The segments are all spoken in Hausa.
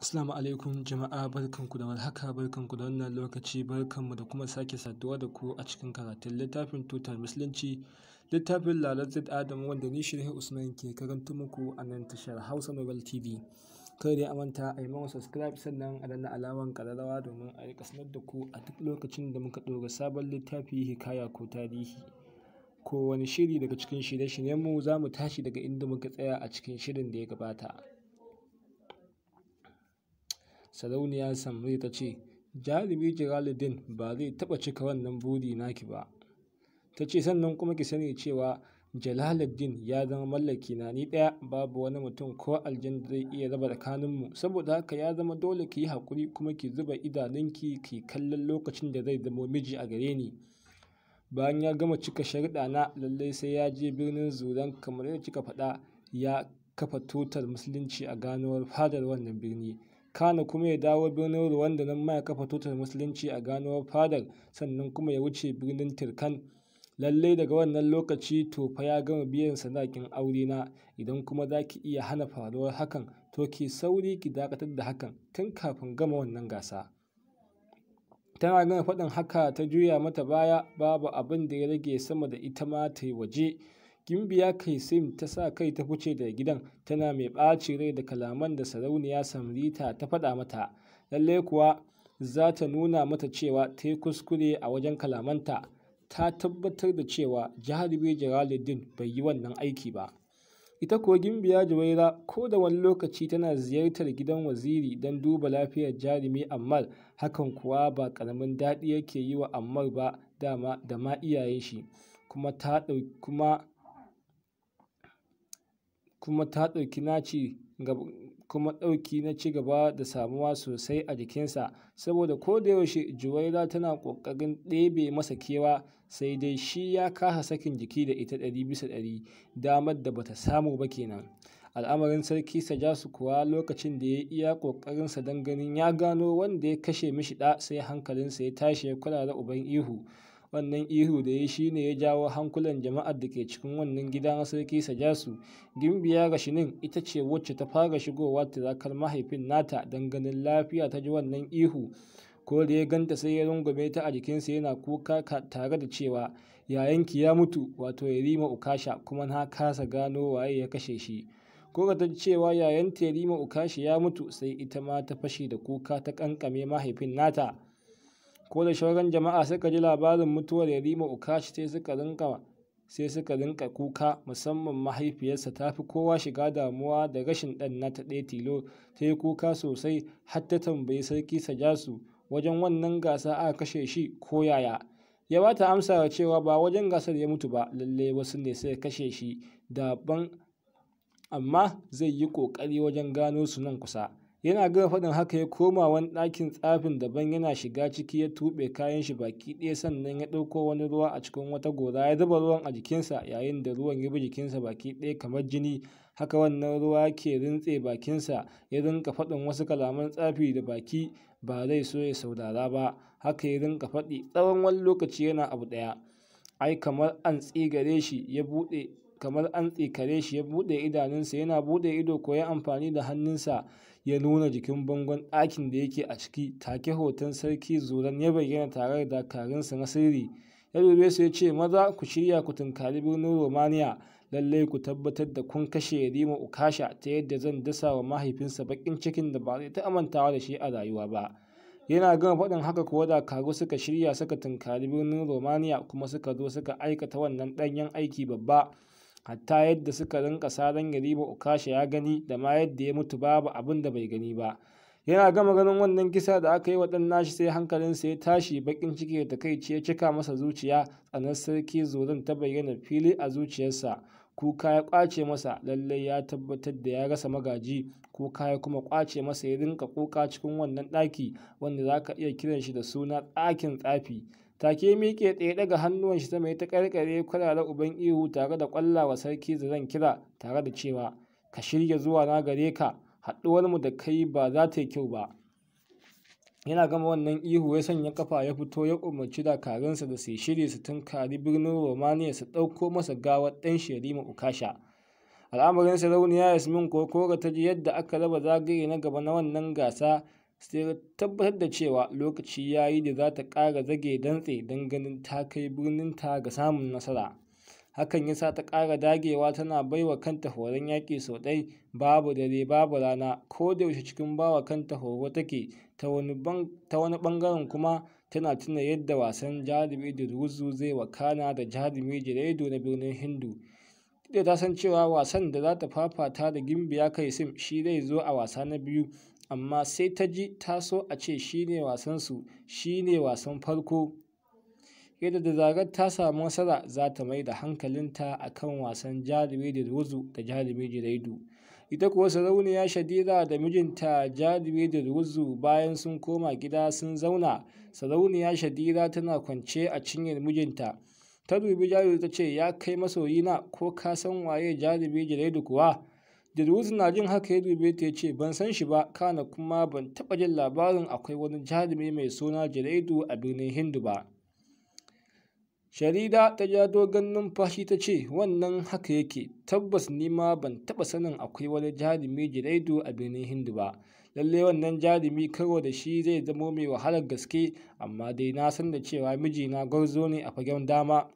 Assalamu alaikum jama'a barkanku da warhaka barkanku da wannan lokaci barkanmu da kuma sake saduwa da ku a cikin karatun littafin tutar musulunci littafin Lalatul Adam wanda ni Shehu Usman ke karanta muku a nan tashar Hausa bal TV. Kai dai amanta a yi mawa subscribe sannan a danna alaman kararrawa domin a rika sanar da ku a duk lokacin da muka ɗora sabon littafi hikaya ko tarihi. Ko wani shiri daga cikin shirye-shiryenmu za mu tashi daga inda muka tsaya a cikin shirin da ya gabata. Sarauniya Samri ta ce, Jarumi Jalaluddin ba zai taɓa cika wannan buri naki ba. Ta ce sannan kuma ki sani cewa Jalaluddin ya zama mallaki na ni ɗaya babu wani mutum ko aljan zai iya raba tsakaninmu saboda haka ya zama dole ki yi hakuri kuma ki zuba idanunki ki kallon lokacin da zai zama miji a gare ni. Bayan ya gama cika sharuɗa na lallai sai ya je birnin Zuran kamar yadda kika faɗa ya kafa tutar musulunci a ganowar fadar wannan birni kana kuma ya dawo birnin Rwanda nan ma ya kafa tutar musulunci a ganuwar fadar sannan kuma ya wuce birnin Tirkan. Lallai daga wannan lokaci to fa ya gama biyan sadakin aure na idan kuma za ki iya hana faruwar hakan to ki sauri ki dakatar da hakan tun kafin gama wannan gasa. Tana gama faɗin haka ta juya mata baya babu abin da ya rage sama da ita ma ta yi waje. Gimbiya sim ta sa kai ta fice daga gidan tana mai ɓaci rai da kalaman da sarauniya Samrita ta faɗa mata, lalle kuwa za ta nuna mata cewa ta yi kuskure a wajen kalamanta, ta tabbatar da cewa jihar Jalaluddin bai yi wannan aiki ba. Ita kuwa Gimbiya jawaira ko da wani lokaci tana ziyartar gidan waziri don duba lafiyar jarumi Ammar, hakan kuwa ba karamin daɗi yake yi wa Ammar ba dama da ma iyayen shi. kuma kuma ta ɗauki naci kuma ɗauki na ci gaba da samuwa sosai a jikinsa saboda ko da yaushe juwaira tana ƙoƙarin ɗebe masa kewa sai dai shi ya kasa sakin jiki da ita ɗari bisa ɗari damar da bata samu ba kenan al'amarin sarki sajasu kuwa lokacin da ya iya ƙoƙarinsa don ganin ya gano wanda ya kashe mishi ɗa sai hankalinsa ya tashi ya kula da uban ihu wannan ihu da ya shi ne ya jawo hankulan jama'ar da ke cikin wannan gida na sarki sajasu gimbiya shinin ita ce wacce ta fara shigowa zakar mahaifin nata don ganin lafiya ta ji wannan ihu ko da ya ganta sai ya rungume ta a jikinsa yana kuka tare da cewa yayanki ya mutu wato yarima ukasha kuma na kasa gano waye ya kashe shi ko ta cewa ya yarima ukashi ya mutu sai ita ma ta fashi da kuka ta kankame mahaifin nata ko da shauran jama'a suka ji labarin mutuwar yarima ukashi sai suka rinka sai suka rinka kuka musamman mahaifiyarsa ta fi kowa shiga damuwa da rashin ɗan ta ɗaya tilo ta yi kuka sosai har ta tambayi sarki sajasu wajen wannan gasa a kashe shi ko yaya ya ba ta amsa da cewa ba wajen gasar ya mutu ba lalle wasu ne sai kashe shi daban amma zai yi ƙoƙari wajen gano su nan kusa Yana gama faɗin haka ya koma wani ɗakin tsafin daban yana shiga ciki ya tuɓe kayan shi baki ɗaya sannan ya ɗauko wani ruwa a cikin wata gora ya zuba ruwan a jikinsa yayin da ruwan ya bi jikinsa baki ɗaya kamar jini haka wannan ruwa ke rintse bakinsa ya rinka faɗin wasu kalaman tsafi da baki ba zai so ya saurara ba haka ya rinka faɗi tsawon wani lokaci yana abu ɗaya ai kamar an tsigare shi ya buɗe kamar an tsikare shi ya buɗe idanunsa yana buɗe ido ko ya amfani da hannunsa ya nuna jikin bangon ɗakin da yake a ciki take hoton sarki zuran ya bayyana tare da dakarunsa na sirri ya dube su ya ce maza ku shirya ku tunkari birnin romania lallai ku tabbatar da kun kashe yarima ukasha ta yadda zan dasa wa mahaifinsa bakin cikin da ba zai ta amantawa da shi a rayuwa ba yana gama faɗin haka kuwa da dakaru suka shirya suka tunkari birnin romania kuma suka zo suka aikata wannan ɗanyen aiki babba hatta yadda suka rinka saran yarima ukasha ya gani da ma yadda ya mutu babu abin da bai gani ba yana gama ganin wannan kisa da aka yi wa ɗan nashi sai hankalinsa ya tashi bakin ciki da takaici ya cika masa zuciya tsanar sarki zoron ta bayyana fili a zuciyarsa kuka ya kwace masa lallai ya tabbatar da ya rasa magaji kuka ya kuma kwace masa ya rinka kuka cikin wannan ɗaki wanda za ka iya kiran shi da suna ɗakin tsafi take miƙe tsaye daga hannuwan shi sama ta karkare kwararar uban ihu tare da ƙwallawa sarki da zan kira tare da cewa ka shirya zuwa na gare ka haɗuwar mu da kai ba za ta yi kyau ba yana gama wannan ihu ya sanya kafa ya fito ya umarci dakarunsa da su shirya su tunkari birnin romania su ɗauko masa gawar ɗan sherima ukasha al'amarin sarauniya yasmin kokora ta ji yadda aka raba zagaye na gaba na wannan gasa sai tabbatar da cewa lokaci ya yi da za ta ƙara zage dantse don ganin ta kai birninta ga samun nasara hakan ya sa ta ƙara dagewa tana baiwa kanta horon yaƙi sau ɗai babu dare babu rana ko da yaushe cikin bawa kanta horo take ta wani ɓangaren kuma tana tuna yadda wasan jarumi da ruzu zai wakana da jarumi jiraido na birnin hindu da ta san cewa wasan da za ta fafata da gimbiya kai sim shi zai zo a wasa na biyu amma sai ta ji ta so a ce shi ne wasansu shi ne wasan farko yadda da zagar ta samu nasara za ta mai da hankalinta a kan wasan jarumi da ruzu da jarumi jiraidu ita kuwa sarauniya shadira da mijinta jarumi da ruzu bayan sun koma gida sun zauna sarauniya shadira tana kwance a cinyar mijinta ta dubi jarumi ta ce ya kai masoyina ko ka san waye jarumi jiraidu kuwa Jaruzi na jin haka ya dube ta ya ce ban san shi ba kana kuma ban taɓa jin labarin akwai wani jarumi mai suna Jaraidu a birnin Hindu ba. Sharida ta ja dogon numfashi ta ce wannan haka yake tabbas ni ma ban taɓa sanin akwai wani jarumi Jaraidu a birnin Hindu ba. Lallai wannan jarumi karo da shi zai zamo mai wahalar gaske amma dai na san da cewa mijina gwarzo ne a fagen dama.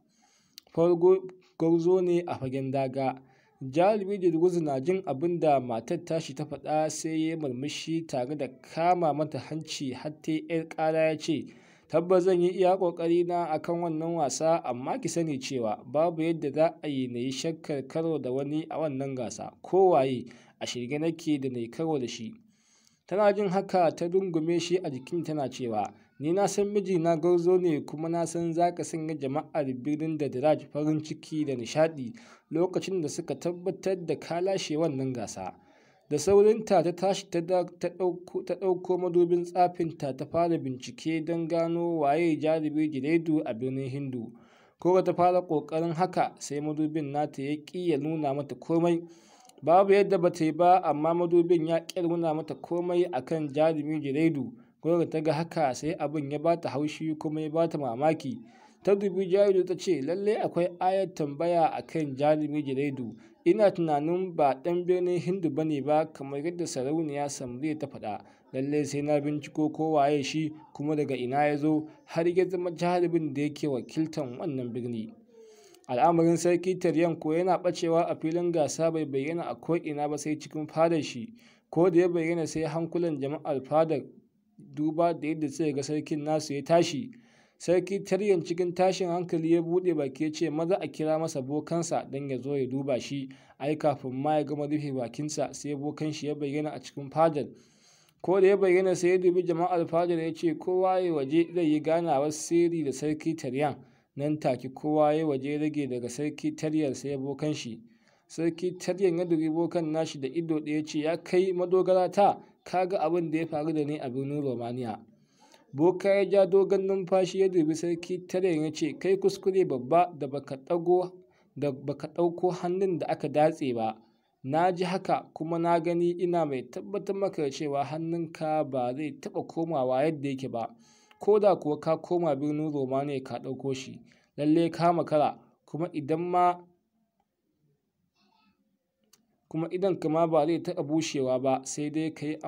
ne a fagen daga. da durguzu na jin abin da matar tashi ta faɗa sai ya murmushi tare da kama mata hanci har ta yar ƙara ya ce tabbas zan yi iya ƙoƙari na akan wannan wasa amma ki sani cewa babu yadda za a yi na yi shakkar karo da wani a wannan gasa kowaye a shirye nake da na yi karo da shi tana jin haka ta dungume shi a jikin tana cewa Ni na san mijina gwarzo ne kuma na san za ka sanya jama'ar birnin da diraj farin ciki da nishadi lokacin da suka tabbatar da ka lashe wannan gasa. Da saurinta ta tashi ta ɗauko madubin tsafinta ta fara bincike don gano waye jarumi Jiredu a birnin Hindu. ko ta fara ƙoƙarin haka sai madubin nata ya ƙi ya nuna mata komai. Babu yadda ba ta yi ba amma madubin ya ƙi nuna mata komai akan jarumi Jiredu. Gwauro ta ga haka sai abin ya bata haushi kuma ya bata mamaki. Ta dubi Jaridu ta ce lallai akwai ayar tambaya a kan jarumi jaridu Ina tunanin ba ɗan birnin Hindu ba ne ba kamar yadda sarauniya Samriya ta faɗa. Lallai sai na binciko ko waye shi kuma daga ina ya zo har ya zama jarumin da yake wakiltan wannan birni. al'amarin sarki taryan ko yana bacewa a filin gasa bai bayyana a ko'ina ba sai cikin fadar shi ko da ya bayyana sai hankulan jama'ar fadar duba da yadda suka ga sarkin nasu ya tashi sarki taryan cikin tashin hankali ya bude baki ya ce maza a kira masa bokansa don ya zo ya duba shi ai kafin ma ya gama rufe bakinsa sai bokan shi ya bayyana a cikin fadar ko da ya bayyana sai ya dubi jama'ar fadar ya ce kowa ya waje zai yi ganawar sirri da sarki taryan nan take kowa ya waje rage daga sarki taryar sai bokan shi sarki taryan ya dubi bokan nashi da ido ɗaya ce ya kai madogara ta ka ga abin da ya faru da ni a birnin romania boka ya ja dogon numfashi ya dubi sarki taren ya ce kai kuskure babba da baka ɗago da ɗauko hannun da aka datse ba na ji haka kuma na gani ina mai tabbatar maka cewa ka ba zai taɓa komawa yadda yake ba ko da kuwa ka koma birnin romania ka ɗauko shi lallai ka makara kuma idan ma kuma idan kama ba zai taɓa bushewa ba sai dai ka yi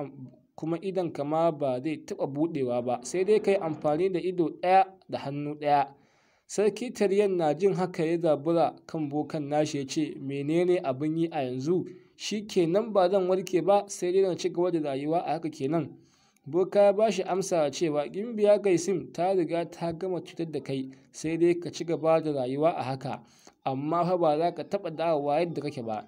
kuma idan kama ba zai taɓa buɗewa ba sai dai ka yi amfani da ido ɗaya da hannu ɗaya sarki taryan na jin haka ya zabura kan bokan nashi ya ce menene abin yi a yanzu shi kenan ba zan warke ba sai dai na ci gaba da rayuwa a haka kenan boka ya ba shi amsa cewa gimbiya gaisim ta riga ta gama cutar da kai sai dai ka ci gaba da rayuwa a haka amma fa ba za ka taɓa dawowa yadda kake ba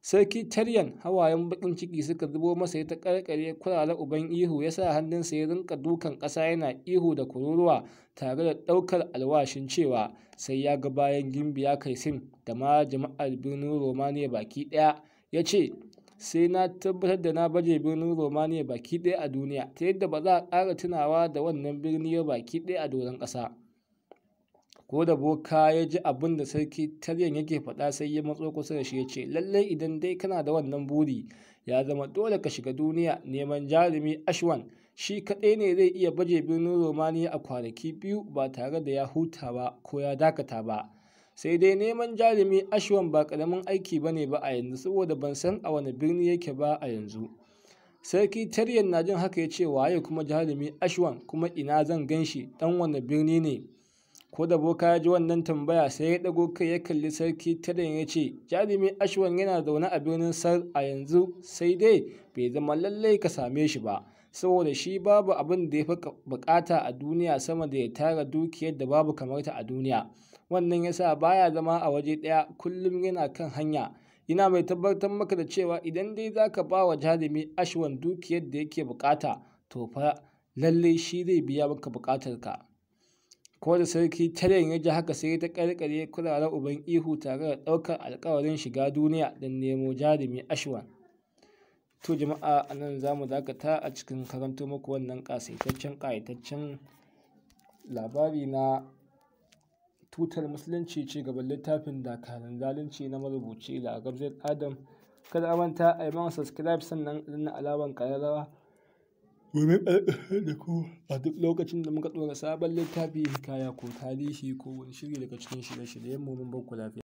sarki taryan hawayen bakin ciki suka zubo masa ya ta karkare kuraren uban ihu ya sa hannunsa ya rinka dukan ƙasa yana ihu da kururuwa tare da ɗaukar alwashin cewa sai ya ga bayan gimbiya sin da ma jama'ar birnin romania baki ɗaya ya ce sai na tabbatar da na baje birnin romania baki ɗaya a duniya ta yadda ba za a ƙara tunawa da wannan birni baki ɗaya a doron ƙasa ko da boka ya ji abin da sarki taryan yake faɗa sai ya matso kusa da shi ya ce lallai idan dai kana da wannan buri ya zama dole ka shiga duniya neman jarumi ashwan shi kaɗai ne zai iya baje birnin romaniya a kwanaki biyu ba tare da ya huta ba ko ya dakata ba sai dai neman jarumi ashwan ba ƙaramin aiki ba ne ba a yanzu saboda ban san a wani birni yake ba a yanzu sarki taryan na jin haka ya ce waye kuma jarumi ashwan kuma ina zan gan shi ɗan wani birni ne ko da boka ya ji wannan tambaya sai ya ɗago kai ya kalli sarki tirin ya ce jarumi ashwan yana zaune a birnin sar a yanzu sai dai bai zama lallai ka same shi ba saboda shi babu abin da ya fi bukata a duniya sama da ya tara dukiyar da babu kamar ta a duniya wannan yasa baya zama a waje ɗaya kullum yana kan hanya yana mai tabbatar maka da cewa idan dai zaka ba wa jarumi ashwan dukiyar da yake bukata to fa lallai shi zai biya maka ka. ko da sarki taren ya ji haka sai ta karkare kuraren uban ihu tare da ɗaukar alkawarin shiga duniya don nemo jarumi ashwan to jama'a a nan za mu dakata a cikin karanto muku wannan ƙasaitaccen ƙayataccen labari na tutar musulunci ci gaban littafin dakarun zalunci na marubuci lagabzin adam kada a manta a yi mana subscribe sannan na alaman ƙararrawa domin ƙarƙar eh, eh, da ku a duk lokacin da muka ɗora sabon littafi, kaya ko tarihi ko wani shiri daga cikin shirye-shiryenmu mun bakku lafiya.